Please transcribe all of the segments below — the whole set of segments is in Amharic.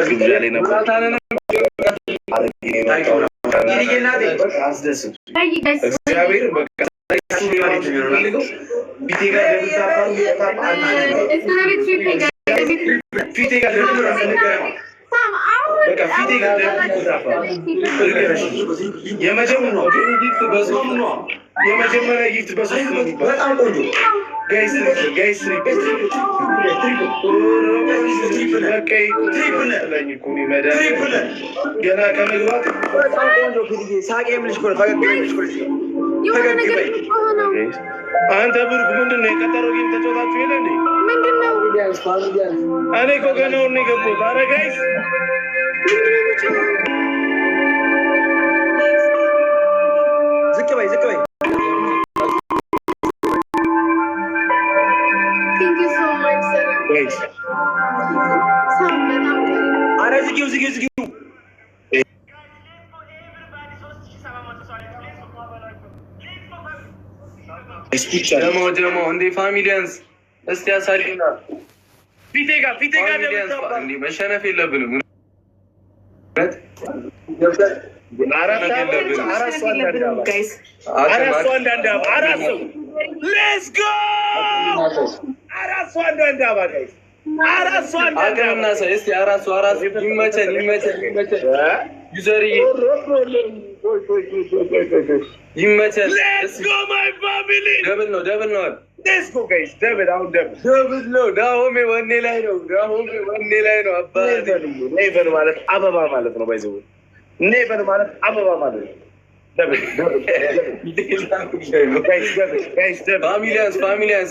ግብዣ ላይ ነበር። እግዚአብሔር በቃ የመጀመሪያ ጊፍት በሶስት ነው የሚባል ገና ከመግባት አንተ ብሩክ ምንድን ነው የቀጠረው? ጌም ተጫወታችሁ የለ እንዴ? እኔ እኮ ገና ነው የገባሁት። ኧረ ጋይስ ዝቅ በይ ዝቅ በይ። ኧረ ዝጊው ዝጊው ዝጊው። ደግሞ ደግሞ እንደ ፋሚሊያንስ እስቲ ያሳዩና ፊቴ ጋር ፊቴ ጋር መሸነፍ የለብንም። አራሱ ሰው ይመቸን ይመቸን ይመቸን ዩዘርዬ ይመቸል። ደብል ነው ደብል ነው። ደብል አሁን ደብል ደብል ነው። ዳሆሜ ወኔ ላይ ነው። ዳሆሜ ወኔ ላይ ነው። ኔቨን ማለት አበባ ማለት ነው። ባይዘ ኔቨን ማለት አበባ ማለት ነው። ፋሚሊያንስ ፋሚሊያንስ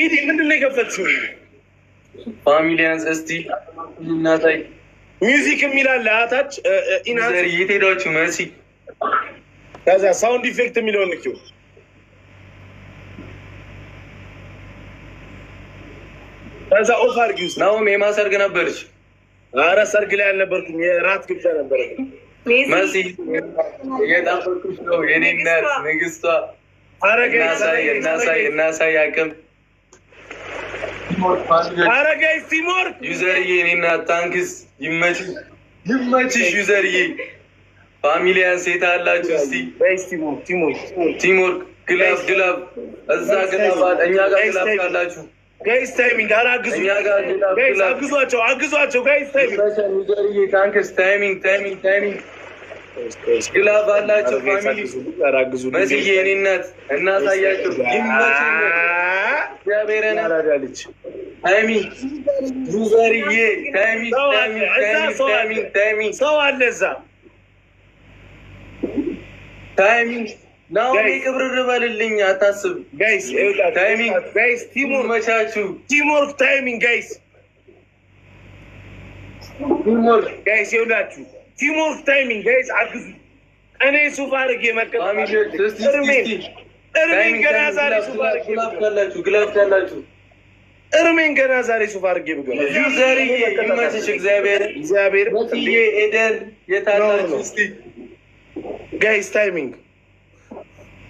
ይህ ምንድን ነው የከፈትሽው? ፋሚሊያንስ እስቲ ሚውዚክ የሚላለ አታች የት ሄዳችሁ መሲ? ከዛ ሳውንድ ኢፌክት የሚለውን ንኪው። ከዛ ኦፍ ናሁም የማሰርግ ነበርች ኧረ ሰርግ ላይ አልነበርኩም፣ የራት ግብዣ ነበረ። መሲ የጣፈኩሽ ነው ንግስቷ። እናሳይ እናሳይ እናሳይ አቅም አረ ጋይስ ሲሞር ዩዘርዬ እኔና ታንክስ ይመችሽ፣ ይመችሽ ዩዘርዬ። ፋሚሊያን ሴት አላችሁ። እስቲ ቲሞር ግላብ ግላብ፣ እዛ ግላብ፣ እኛ ጋር ግላብ ካላችሁ ጋይስ ታይሚንግ አግዟቸው፣ አግዟቸው ጋይስ ታይሚንግ፣ ታንክስ ታይሚንግ፣ ታይሚንግ፣ ታይሚንግ ግላብ አላቸው ፋሚሊ መስዬ እኔ እናት እናሳያቸው። እግዚአብሔርን አላዳለች። ታይሚ ዙዘርዬ ታይሚ ታይሚ ታይሚ ሰው አለ ታይሚንግ ጋይስ አግዙ። እኔ ሱፍ አድርጌ መቀ እርሜን ገና ዛሬ እርሜን ገና ዛሬ ሱፍ አድርጌ ብገባ ዩዘሪ ይመችሽ። እግዚአብሔር እግዚአብሔር ኤደን የታላስቲ ጋይስ ታይሚንግ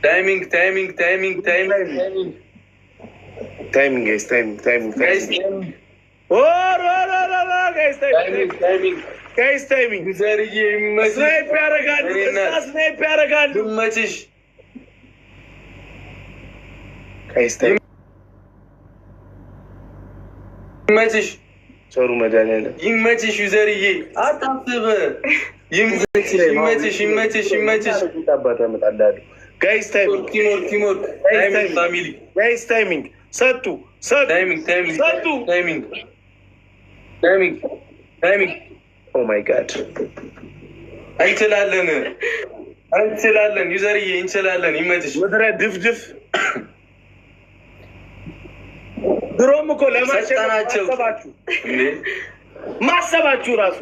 ታይሚንግ ታይሚንግ ታይሚንግ ታይሚንግ ታይሚንግ ጋይስ ታይሚንግ ታይሚንግ ታይሚንግ ስናይፕ ያደርጋል ስናይፕ ያደርጋል። ይመችሽ ይመችሽ፣ ሰሩ መድኃኒዓለም ይመችሽ፣ ዩዘርዬ አታስብ። ይመችሽ፣ ይመችሽ፣ ይመችሽ። ጋይስ ታይሚንግ ጋይስ ታይሚንግ ሰጡ ሰጡ ሰጡ ታይሚንግ ታይሚንግ ታይሚንግ ኦ ማይ ጋድ እንችላለን፣ እንችላለን፣ ዩዘርዬ እንችላለን። ይመችሽ ምድረ ድፍድፍ ድሮም እኮ ለማሸናቸው ማሰባችሁ ራሱ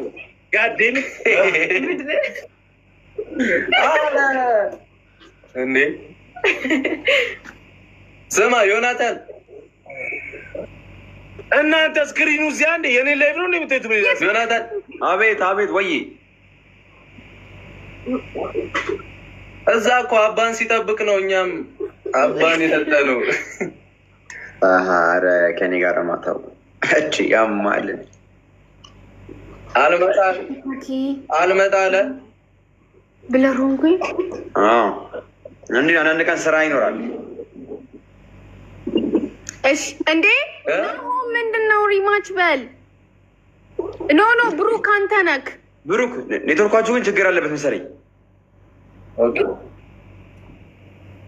ጋዴን እንዴ! ስማ ዮናታን፣ እናንተ ስክሪኑ እዚያ እንደ የኔ ላይ ብሎ ምትት ዮናታን። አቤት አቤት፣ ወይ እዛ እኮ አባን ሲጠብቅ ነው። እኛም አባን የጠጠ ነው ኧረ ከኔ ጋር ማታው እቺ ያማል አልመጣ አለ ብለህ ሮንኩኝ። እንዲህ አንዳንድ ቀን ስራ ይኖራል። እሺ እንዴ ምንድን ነው ሪማች በል። ኖ ኖ ብሩክ አንተ ነክ ብሩክ። ኔትወርኳችሁ ግን ችግር አለበት መሰለኝ።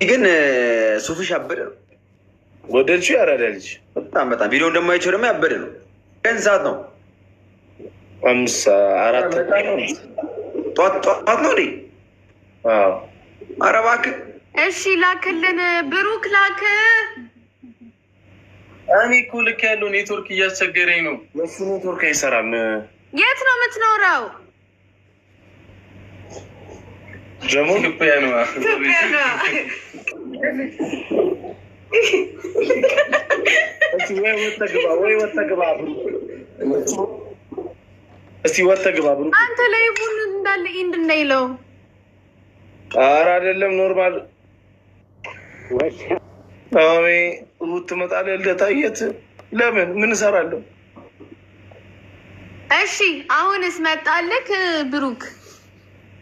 ግን ሱፍሽ ያበደ ነው። ወደልቹ ያራዳ ልጅ በጣም በጣም ቪዲዮ እንደማይቸው ደግሞ ያበደ ነው። ቀን ሰዓት ነው አምስት አራት ጠዋት ነው ኧረ እባክህ እሺ፣ ላክልን ብሩክ ላክ። እኔ እኮ ልክ ያለው ኔትወርክ እያስቸገረኝ ነው። እሱ ኔትወርክ አይሰራም። የት ነው የምትኖረው? ደግሞ ኢትዮጵያ ነው እስቲ ወጥተህ ግባ ብሩ። አንተ ላይ ቡን እንዳለ ኢንድ እንዳይለው። ኧረ አይደለም ኖርማል ሜ ሩት ትመጣለህ። ልደታየት ለምን ምን እሰራለሁ? እሺ አሁንስ መጣልክ ብሩክ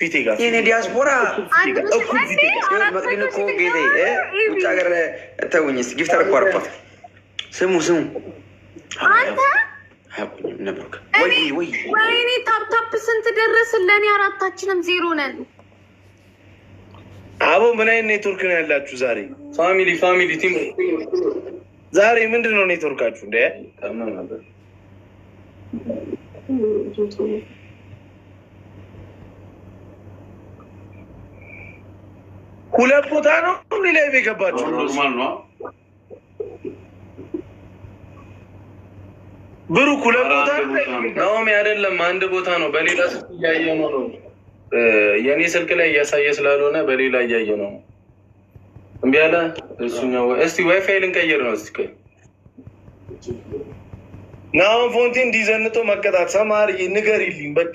ቢቴ ጋር የኔ ዲያስፖራ እኮ ጌቴ ውጭ ሀገር ተውኝስ ጊፍተር እኮ አርኳት። ስሙ ስሙ ወይኔ ታፕታፕ ስንት ደረስ? ለእኔ አራታችንም ዜሮ ነን። አቦ ምን አይነት ኔትወርክ ነው ያላችሁ ዛሬ? ፋሚሊ ፋሚሊ ቲም ዛሬ ምንድን ነው ኔትወርካችሁ እንደ ሁለት ቦታ ነው ሌላ የገባቸው ብሩክ ሁለት ቦታ ናሆም አይደለም፣ አንድ ቦታ ነው። በሌላ ስልክ እያየ ነው ነው የእኔ ስልክ ላይ እያሳየ ስላልሆነ በሌላ እያየ ነው። እምቢ አለ እሱኛው። እስቲ ዋይፋይ ልንቀይር ነው። እስቲ ናሆም ፎንቲን እንዲዘንጦ መቀጣት ሰማሪ ንገር ይልኝ በቃ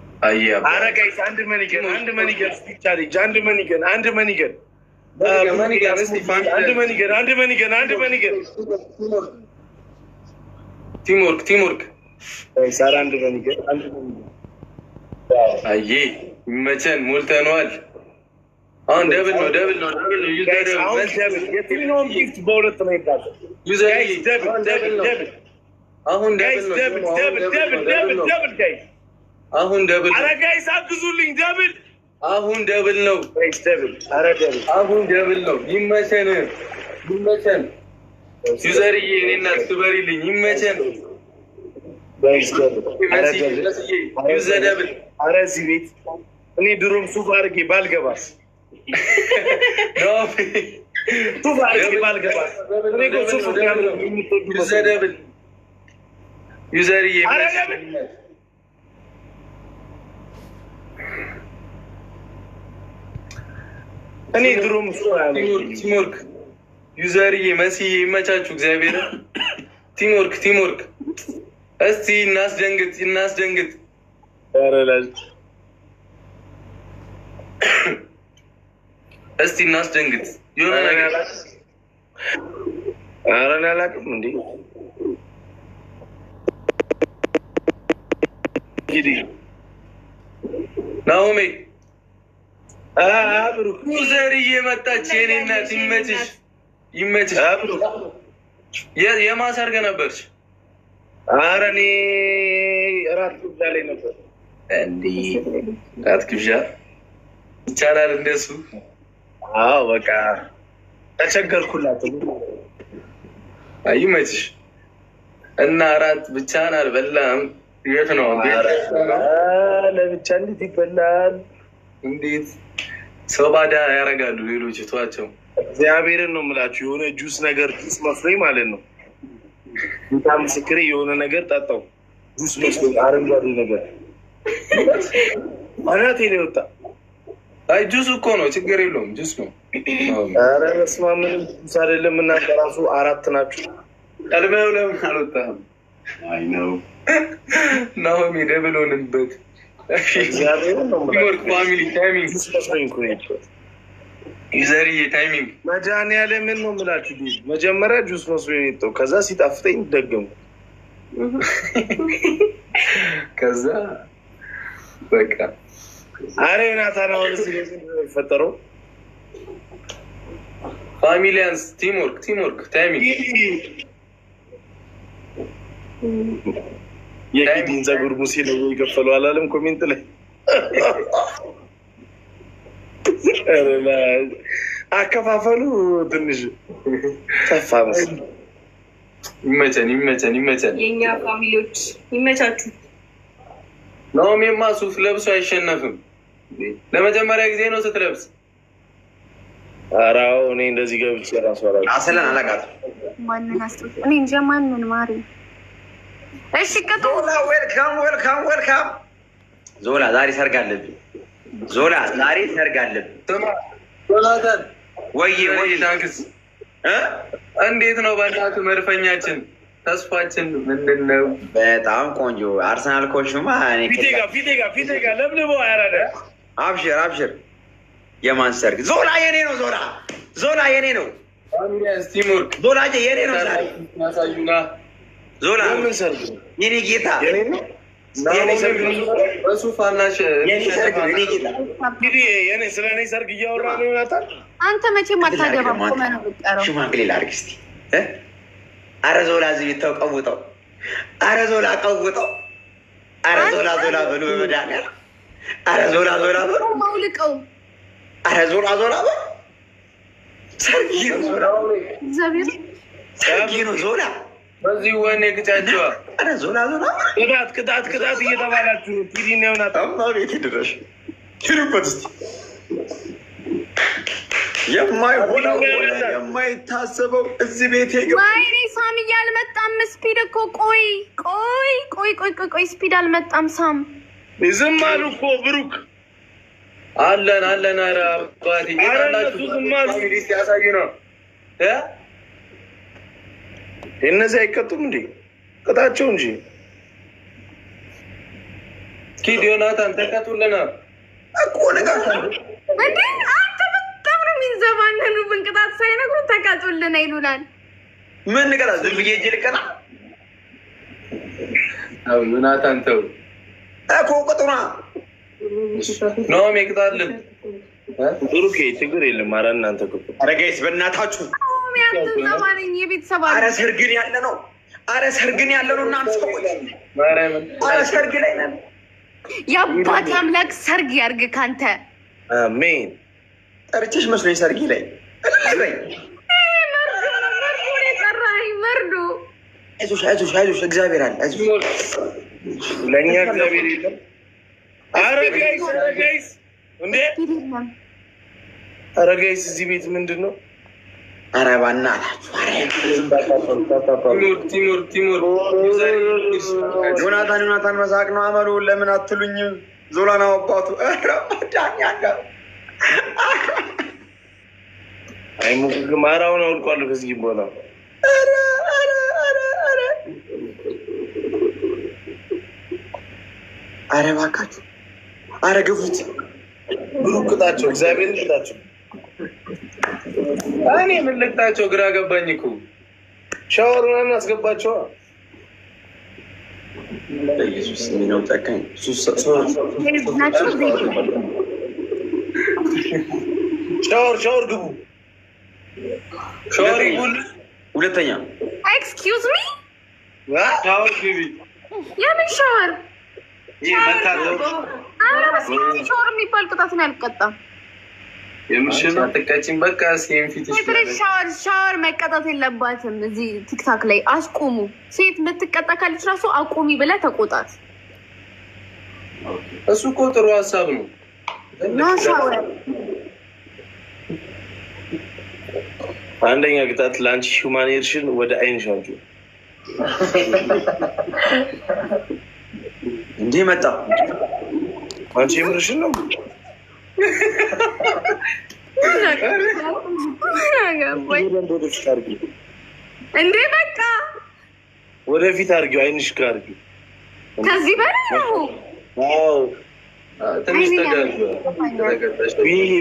አንድ መኒገን አንድ መኒገን አንድ መኒገን አንድ መኒገን አንድ መኒገን አንድ መኒገን አንድ መኒገን ቲምወርክ ቲምወርክ ሳር አንድ መኒገን አንድ መኒገን አዬ መቸን ሞልተነዋል። አሁን ደብል ነው ደብል ነው ደብል ነው ጊፍት በሁለት ነው ይባላል። ደብል ደብል ደብል አሁን ደብል ደብል ደብል ደብል ደብል ጋይስ አሁን ደብል አረጋይስ አግዙልኝ። ደብል አሁን ደብል ነው። ደብል ደብል አረ አሁን ደብል ነው። ይመቸን ይመቸን። ዩዘርዬ እኔ እናት ትበሪልኝ። ይመቸን ዘደብል። ኧረ እዚህ ቤት እኔ ድሮም ሱፍ አድርጌ ባልገባስ ሱፍ አድርጌ ባልገባስ ዩዘርዬ እኔ ድሮም ቲምወርክ ዩዘርዬ መስዬ ይመቻችሁ። እግዚአብሔር ቲሞርክ ቲሞርክ፣ እስቲ እናስደንግጥ እናስደንግጥ። እስቲ እናስደንግጥ። የሆነ ነገር ኧረ እኔ አላውቅም እንዴ እንግዲህ ናሆሜ ዘር እየመጣች የኔ እናት ይመችሽ፣ ይመችሽ። የማሰርገ ነበርሽ? ኧረ እኔ እራት ግብዣ ላይ ነበር። እንዴ ራት ግብዣ ይቻላል እንደሱ? አዎ በቃ ተቸገርኩላት። ይመችሽ እና እራት ብቻህን አልበላም የት ነው? ለብቻ እንዴት ይበላል? እንዴት ሰው ባዳ ያደርጋሉ ሌሎች ተዋቸው። እግዚአብሔርን ነው የምላችሁ። የሆነ ጁስ ነገር ጁስ መስሎኝ ማለት ነው። ጌታ ምስክሬ የሆነ ነገር ጠጣው ጁስ መስሎኝ አረንጓዴ ነገር ማናት ነው የወጣ። አይ ጁስ እኮ ነው፣ ችግር የለውም ጁስ ነው። ኧረ በስመ አብ ምንም ጁስ አይደለም። እናንተ ራሱ አራት ናችሁ። ቀድሜው ለምን አልወጣህም? አይ ነው ናሆሚ ደብል ሆንበት። ዘርዬ ታይሚንግ ምን ነው የምላችሁ። መጀመሪያ ጁስ መስሎ የጠው ከዛ ሲጣፍጠኝ ደገሙ። ከዛ በቃ አረ ናታን አሁን የሚፈጠረው ፋሚሊያንስ ቲምወርክ ቲምወርክ ታይሚንግ የጌዲን ፀጉር ሙሴ ነው የከፈለው አላለም? ኮሜንት ላይ አከፋፈሉ ትንሽ ይመቸን ይመቸን ይመቸን፣ የእኛ ፋሚሊዎች ይመቻችሁ። ናሆሜማ ሱፍ ለብሶ አይሸነፍም። ለመጀመሪያ ጊዜ ነው ስትለብስ። እኔ እንደዚህ ገብቼ ራሱ አላውቅም። አላውቃትም። ማንን አስ እኔ እንጃ ማንን ማሪ እሺ ቅጡ ዌልካም ዌልካም ዌልካም። ዞላ ዛሬ ሰርግ አለብኝ። ዞላ ዛሬ ሰርግ አለብኝ። ወይ ወይ ዳግስ እንዴት ነው በእናትህ መድፈኛችን ተስፋችን ምንድን ነው? በጣም ቆንጆ አርሰናል ኮችማ ፊቴጋ ፊቴጋ ፊቴጋ ለምልቦ ያረደ አብሽር አብሽር። የማን ሰርግ? ዞላ የኔ ነው። ዞላ ዞላ የኔ ነው። ዞላ የኔ ነው። ዛሬ ዞላ ምን ሰርግ የኔ ጌታ አንተ መቼም አታገባም። ሽማግሌ ላድርግ እስኪ። ኧረ ዞላ እዚህ ቤት ቀውጠው። ኧረ ዞላ ቀውጠው። ኧረ ዞላ ዞላ በሉ በመድኃኒዓለም። ኧረ ዞላ ዞላ በሉ መውልቀው። ኧረ ዞላ ዞላ በሉ ሰርግ ነው ዞላ በዚህ ወኔ ግጫቸዋ ዞና ዞና ቅጣት ቅጣት ቅጣት እየተባላችሁ ቲዲና ሆና ቤት ድረሽ ሂዱበት ስ የማይሆነው የማይታሰበው እዚህ ቤት ማይኔ ሳም እያልመጣም ስፒድ እኮ ቆይ ቆይ ቆይ ቆይ ቆይ ቆይ ስፒድ አልመጣም። ሳም ዝም አሉ እኮ ብሩክ አለን አለን ኧረ አባቴ ዝም አሉ ሲያሳዩ ነው እነዚህ አይቀጡም እንዴ? ቅጣቸው እንጂ ኪድ ዮናታን ተቀጡልና እኮ ነገር አንተ በጣም ነው የሚንዘባነኑ። ብንቅጣት ሳይነግሩ ተቀጡልና ይሉናል። ምን ንቀጣ? ዝም ብዬ እጅ ልቀጣ? ዮናታን ተው እኮ ቅጡና ነውም ይቅጣልን። ብሩኬ ችግር የለም። አረ እናንተ ኧረ ጋይስ በእናታችሁ ነው አረ ሰርግን ያለ ነው። አረ ሰርግን ያለ ነው። እናንተ ሰዎች አረ ሰርግ ላይ ነን። የአባት አምላክ ሰርግ ያርግ ካንተ አሜን። ጠርቼሽ መስሎኝ ሰርግ ላይ መርዶ። አይዞሽ አይዞሽ አይዞሽ፣ እግዚአብሔር አለ። ለእኛ እግዚአብሔር የለም። አረ አረ ጋይስ፣ እዚህ ቤት ምንድን ነው? ኧረ በእናታችሁ ዮናታን ዮናታን መሳቅ ነው አመሉ። ለምን አትሉኝም? ዞላና አባቱ ማራውን አውልቋሉ ከዚህ ቦታ አረ እባካችሁ አረ ግፉት ብሩክታቸው እግዚአብሔር ይላቸው እኔ ምን ልቅጣቸው? ግራ ገባኝ እኮ ሻወር ምናምን አስገባቸዋ። ሻወር ሻወር ግቡ። ሻወር ሁለተኛ ኤክስኪውዝ ሚ ሻወር ግቢ። የምን ሻወር? ሻወር የሚባል ቅጣትን አልቀጣም ሻወር መቀጣት የለባትም። እዚህ ቲክታክ ላይ አስቁሙ። ሴት የምትቀጣ ካለች ራሱ አቁሚ ብለ ተቆጣት። እሱ እኮ ጥሩ ሀሳብ ነው። አንደኛ ቅጣት ለአንቺ ርሽን ወደ አይን ሻጁ እንዲህ መጣ አንቺ ምርሽን ነው እንዴ በቃ ወደፊት አድርጊው፣ አይንሽ ጋር አድርጊው። ከዚህ በላይ ነው።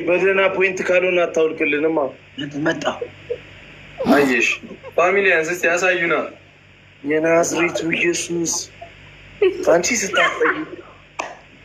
በደህና ፖይንት ካልሆነ አታውልቅልንማ። መጣ አየሽ፣ ፋሚሊ የናዝሬቱ ኢየሱስ አንቺ ስታጠጊ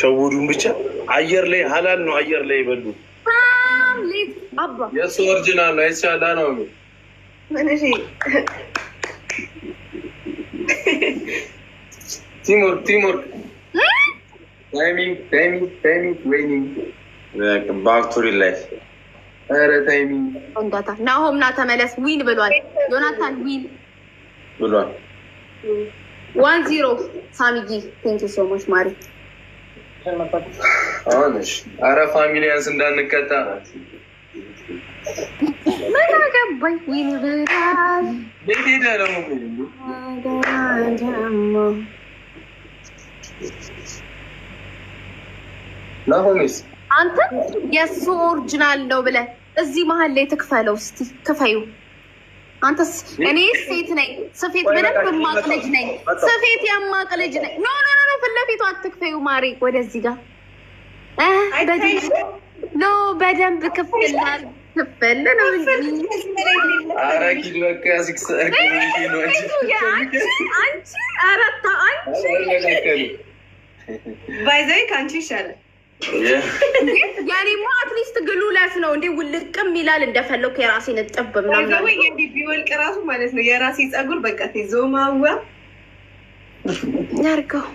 ሸውዱን ብቻ አየር ላይ ሀላል ነው። አየር ላይ ይበሉ። የእሱ ኦሪጂናል ነው። የተሻለ ነው። ቲሞርክ ቲሞር ታይሚንግ ታይሚንግ ታይሚንግ ወይኒንግ ባክቱሪ ላይ ኧረ ታይሚንግ ወንዳታ ናሆም ና ተመለስ። ዊን ብሏል። ዮናታን ዊን ብሏል። ዋን ዚሮ ሳሚጊ ቴንኪ ሶ ማች ማሪ አረ ፋሚሊያንስ እንዳንቀጣ ምን አገባኝ። አንተ የእሱ ኦሪጂናል ነው ብለህ እዚህ መሀል ላይ ትክፈለው። እስኪ ክፈዩ አንተስ እኔ ሴት ነኝ፣ ስፌት በደንብ የማቅ ልጅ ነኝ፣ ስፌት የማቅ ልጅ ነኝ። ኖ ኖ ኖ ፊት ለፊቱ አትክፈዩ ማሪ፣ ወደዚህ ጋር ኖ በደንብ ክፍላል ክፍል ነው እንጂ አንቺ አረታ አንቺ ባይዘይ ከአንቺ ይሻላል። የኔማ አትሊስት ግሉለስ ነው እንዴ ውልቅም ይላል። እንደፈለኩ የራሴ እጥብ ምናምን ቢወልቅ ራሱ ማለት ነው የራሴ ጸጉር በቃ ማዋ ያርገው።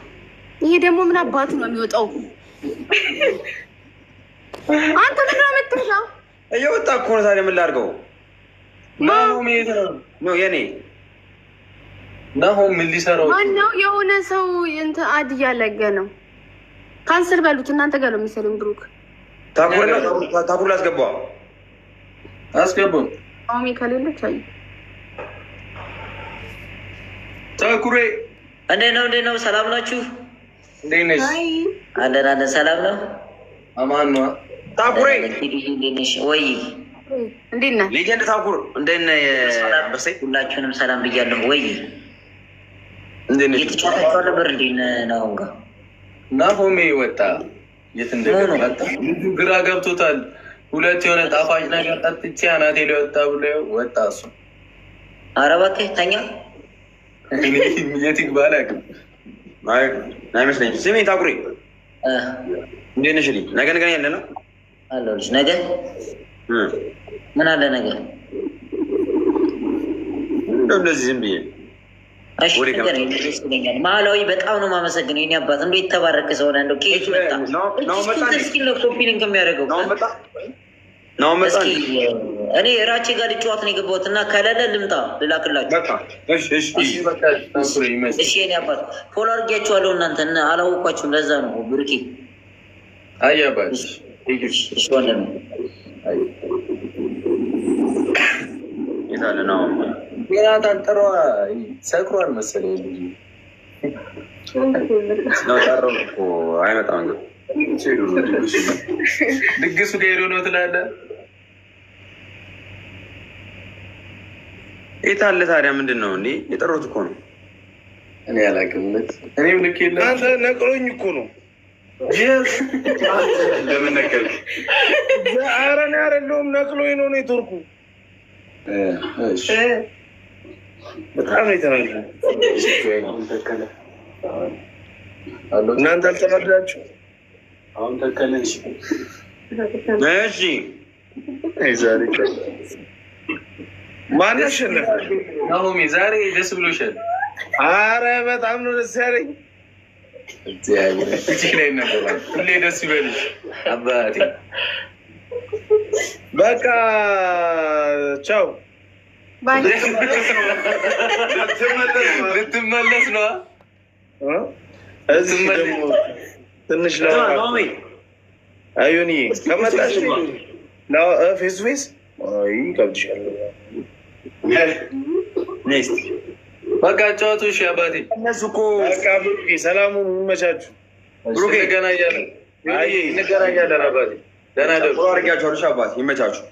ይሄ ደግሞ ምን አባቱ ነው የሚወጣው? አንተ ምን ነው የምትለው? እየወጣ እኮ ነው። ታዲያ ምን ላድርገው? ነው የኔ ናሆም ምን ሊሰራው ነው? የሆነ ሰው እንትን አድ እያለገ ነው ካንስል በሉት። እናንተ ጋር ነው የሚሰልም ብሩክ ታኩር አስገባ አስገባ ሚ ከሌለች አይ ተኩሬ እንዴት ነው? እንዴት ነው? ሰላም ናችሁ? እንዴት ነሽ? አለን አለን። ሰላም ነው። አማን ነው። ታኩሬ እንዴት ነሽ? ወይ እንዴት ነህ? ሌጀንድ ታኩር እንዴት ነህ? ሁላችሁንም ሰላም ብያለሁ። ወይ እየተጫወታችሁ ነበር? እንዴት ነው ጋር ናሆሜ ወጣ። የት እንደገባ ልጁ ግራ ገብቶታል። ሁለት የሆነ ጣፋጭ ነገር ጠጥቼ አናቴ ሊወጣ ብሎ ወጣ። እሱ ኧረ እባክህ ተኛ። የት ይግባ አላውቅም። አይመስለኝም። ስሜ እንዴት ነሽ? ነገ ነገ ያለ ነው አለሁልሽ። ነገ ምን አለ? ነገ እንደዚህ ዝም ብዬ ማላዊ በጣም ነው የማመሰግነው የእኔ አባት። እንደው የተባረከ ሰው ነው። እንደው ኬክ መጣ እኔ እራቼ ጋር ልጨዋት ነው የገባሁት እና ከሌለ ልምጣ ልላክላችሁ። እሺ የእኔ እናንተ አላወኳችሁም። ለዛ ነው ብሩኬ አያባት ሌላ ጠርጥሯ ሰክሯል መሰለኝ ስለጠራው እኮ ድግሱ ከሄዶ ነው ትላለ። የት አለ ታዲያ? ምንድን ነው እንዴ? የጠሩት እኮ ነው። እኔ አላውቅምነት እኔም ልክ የለም። አንተ ነቅሎኝ እኮ ነው። ለምን ነገርኩህ? ኧረ እኔ አይደለሁም ነቅሎኝ ነው። እኔ በጣም ነው የተናገ እናንተ አልተናዳችሁ። አሁን ተከለ እሺ፣ ማን ያሸነፈ? ዛሬ ደስ ብሎሻል? አረ በጣም ነው ደስ ያለኝ። ላይ ነበራል። ሁሌ ደስ ይበልሽ አባቴ። በቃ ቻው። ልትመለስ ነው። እዚህ ደግሞ ትንሽ አዩኒ ከመጣሽ ፌስ ፌስ ይቀብድሻል። በቃ ጨዋቱ ሺ አባቴ እነሱ እኮ ሰላሙን ይመቻችሁ። ብሩክ ገና እያለ ገና ደህና አድርጋችኋል። አባቴ ይመቻችሁ።